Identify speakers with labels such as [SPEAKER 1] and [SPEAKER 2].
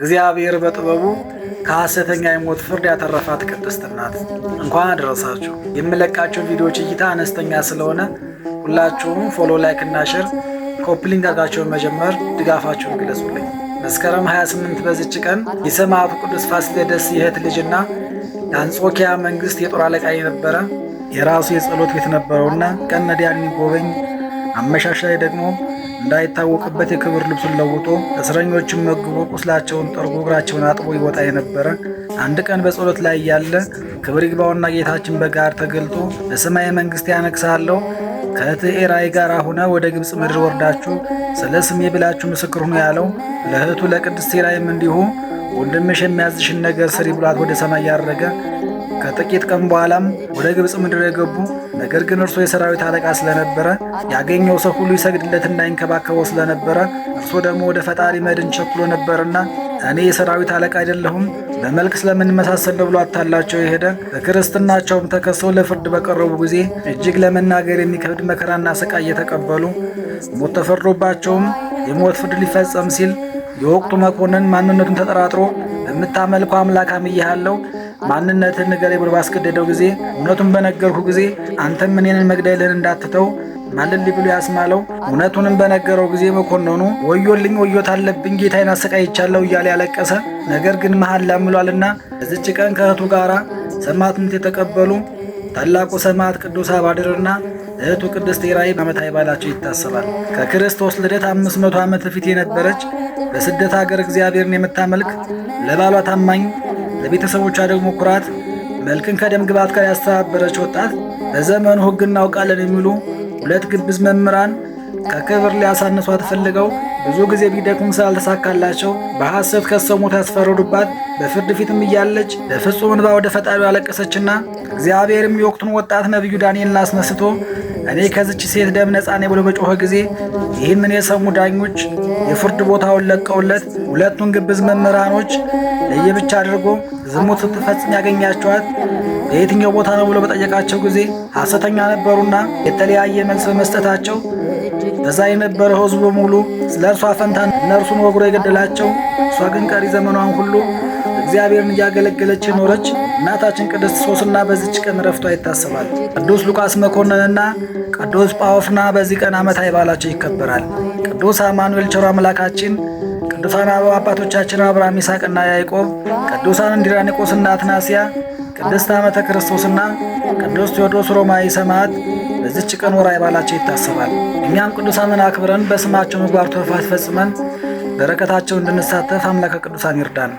[SPEAKER 1] እግዚአብሔር በጥበቡ ከሐሰተኛ የሞት ፍርድ ያተረፋት ቅድስት ናት። እንኳን አደረሳችሁ። የምለቃቸው ቪዲዮዎች እይታ አነስተኛ ስለሆነ ሁላችሁም ፎሎ፣ ላይክ እና ሼር ኮፕሊንግ አድርጋቸውን መጀመር ድጋፋቸውን ግለጹልኝ። መስከረም 28 በዚች ቀን የሰማዕቱ ቅዱስ ፋሲለደስ የእህት ልጅና የአንጾኪያ መንግሥት የጦር አለቃ የነበረ የራሱ የጸሎት ቤት ነበረውና ቀን ነዳያን የሚጎበኝ አመሻሽ ላይ ደግሞ እንዳይታወቅበት የክብር ልብሱን ለውጦ እስረኞችን መግቦ ቁስላቸውን ጠርጎ እግራቸውን አጥቦ ይወጣ የነበረ አንድ ቀን በጸሎት ላይ ያለ ክብር ይግባውና ጌታችን በጋር ተገልጦ በሰማይ መንግሥት ያነግሳለሁ ከትዕራይ ጋር ሁነ ወደ ግብፅ ምድር ወርዳችሁ ስለ ስሜ ብላችሁ ምስክር ሁኑ ያለው ለእህቱ ለቅድስት ቴራይም እንዲሁ ወንድምሽ የሚያዝሽን ነገር ስሪ ብሏት ወደ ሰማይ ያረገ ከጥቂት ቀን በኋላም ወደ ግብፅ ምድር የገቡ ነገር ግን እርሱ የሰራዊት አለቃ ስለነበረ ያገኘው ሰው ሁሉ ይሰግድለትና ይንከባከበው ስለነበረ እርሱ ደግሞ ወደ ፈጣሪ መድን ቸኩሎ ነበርና እኔ የሰራዊት አለቃ አይደለሁም በመልክ ስለምንመሳሰል ብሎ አታላቸው የሄደ በክርስትናቸውም ተከሰው ለፍርድ በቀረቡ ጊዜ እጅግ ለመናገር የሚከብድ መከራና ስቃይ እየተቀበሉ ሞት ተፈርዶባቸውም የሞት ፍርድ ሊፈጸም ሲል የወቅቱ መኮንን ማንነቱን ተጠራጥሮ በምታመልኩ አምላክ አምልሃለሁ ማንነትህን ንገረኝ ብሎ ባስገደደው ጊዜ እውነቱን በነገርሁ ጊዜ አንተም እኔን መግደልን እንዳትተው ማልልኝ ብሎ ያስማለው። እውነቱንም በነገረው ጊዜ መኮንኑ ወዮልኝ፣ ወዮት አለብኝ፣ ጌታዬን አሰቃይቻለሁ እያለ ያለቀሰ ነገር ግን መሐላ ምሏልና በዚች ቀን ከእህቱ ጋር ሰማዕትነት የተቀበሉ ታላቁ ሰማዕት ቅዱስ አባድርና እህቱ ቅድስት ቴራይ ዓመታዊ በዓላቸው ይታሰባል። ከክርስቶስ ልደት አምስት መቶ ዓመት በፊት የነበረች በስደት አገር እግዚአብሔርን የምታመልክ ለባሏ ታማኝ ለቤተሰቦቿ ደግሞ ኩራት መልክን ከደም ግባት ጋር ያስተባበረች ወጣት በዘመኑ ሕግ እናውቃለን የሚሉ ሁለት ግብዝ መምህራን ከክብር ሊያሳንሷት ፈልገው ብዙ ጊዜ ቢደክሙም ስላልተሳካላቸው በሐሰት ከሰሙት ያስፈረዱባት፣ በፍርድ ፊትም እያለች በፍጹም እንባ ወደ ፈጣሪ ያለቀሰችና እግዚአብሔርም የወቅቱን ወጣት ነቢዩ ዳንኤልን አስነስቶ እኔ ከዚች ሴት ደም ነፃ ነኝ ብሎ በጮኸ ጊዜ ይህንን የሰሙ ዳኞች የፍርድ ቦታውን ለቀውለት ሁለቱን ግብዝ መምህራኖች ለየብቻ አድርጎ ዝሙት ስትፈጽም ያገኛቸዋት በየትኛው ቦታ ነው ብሎ በጠየቃቸው ጊዜ ሐሰተኛ ነበሩና የተለያየ መልስ በመስጠታቸው በዛ የነበረው ሕዝቡ ሙሉ ስለ እርሷ ፈንታ እነርሱን ወግሮ የገደላቸው እሷ ግን ቀሪ ዘመኗን ሁሉ እግዚአብሔርን እያገለገለች የኖረች እናታችን ቅድስት ሶስና በዚች ቀን ረፍቷ ይታሰባል። ቅዱስ ሉቃስ መኮንንና ቅዱስ ጳውፍና በዚህ ቀን ዓመታዊ በዓላቸው ይከበራል። ቅዱስ አማኑኤል ቸሮ አምላካችን፣ ቅዱሳን አባቶቻችን አብርሃም ይስሐቅና ያዕቆብ፣ ቅዱሳን እንዲራኒቆስና አትናስያ፣ ቅድስት ዓመተ ክርስቶስና ቅዱስ ቴዎድሮስ ሮማዊ ሰማዕት በዚች ቀን ወርኃዊ በዓላቸው ይታሰባል። እኛም ቅዱሳንን አክብረን በስማቸው ምግባር ትሩፋት ፈጽመን በረከታቸው እንድንሳተፍ አምላከ ቅዱሳን ይርዳን።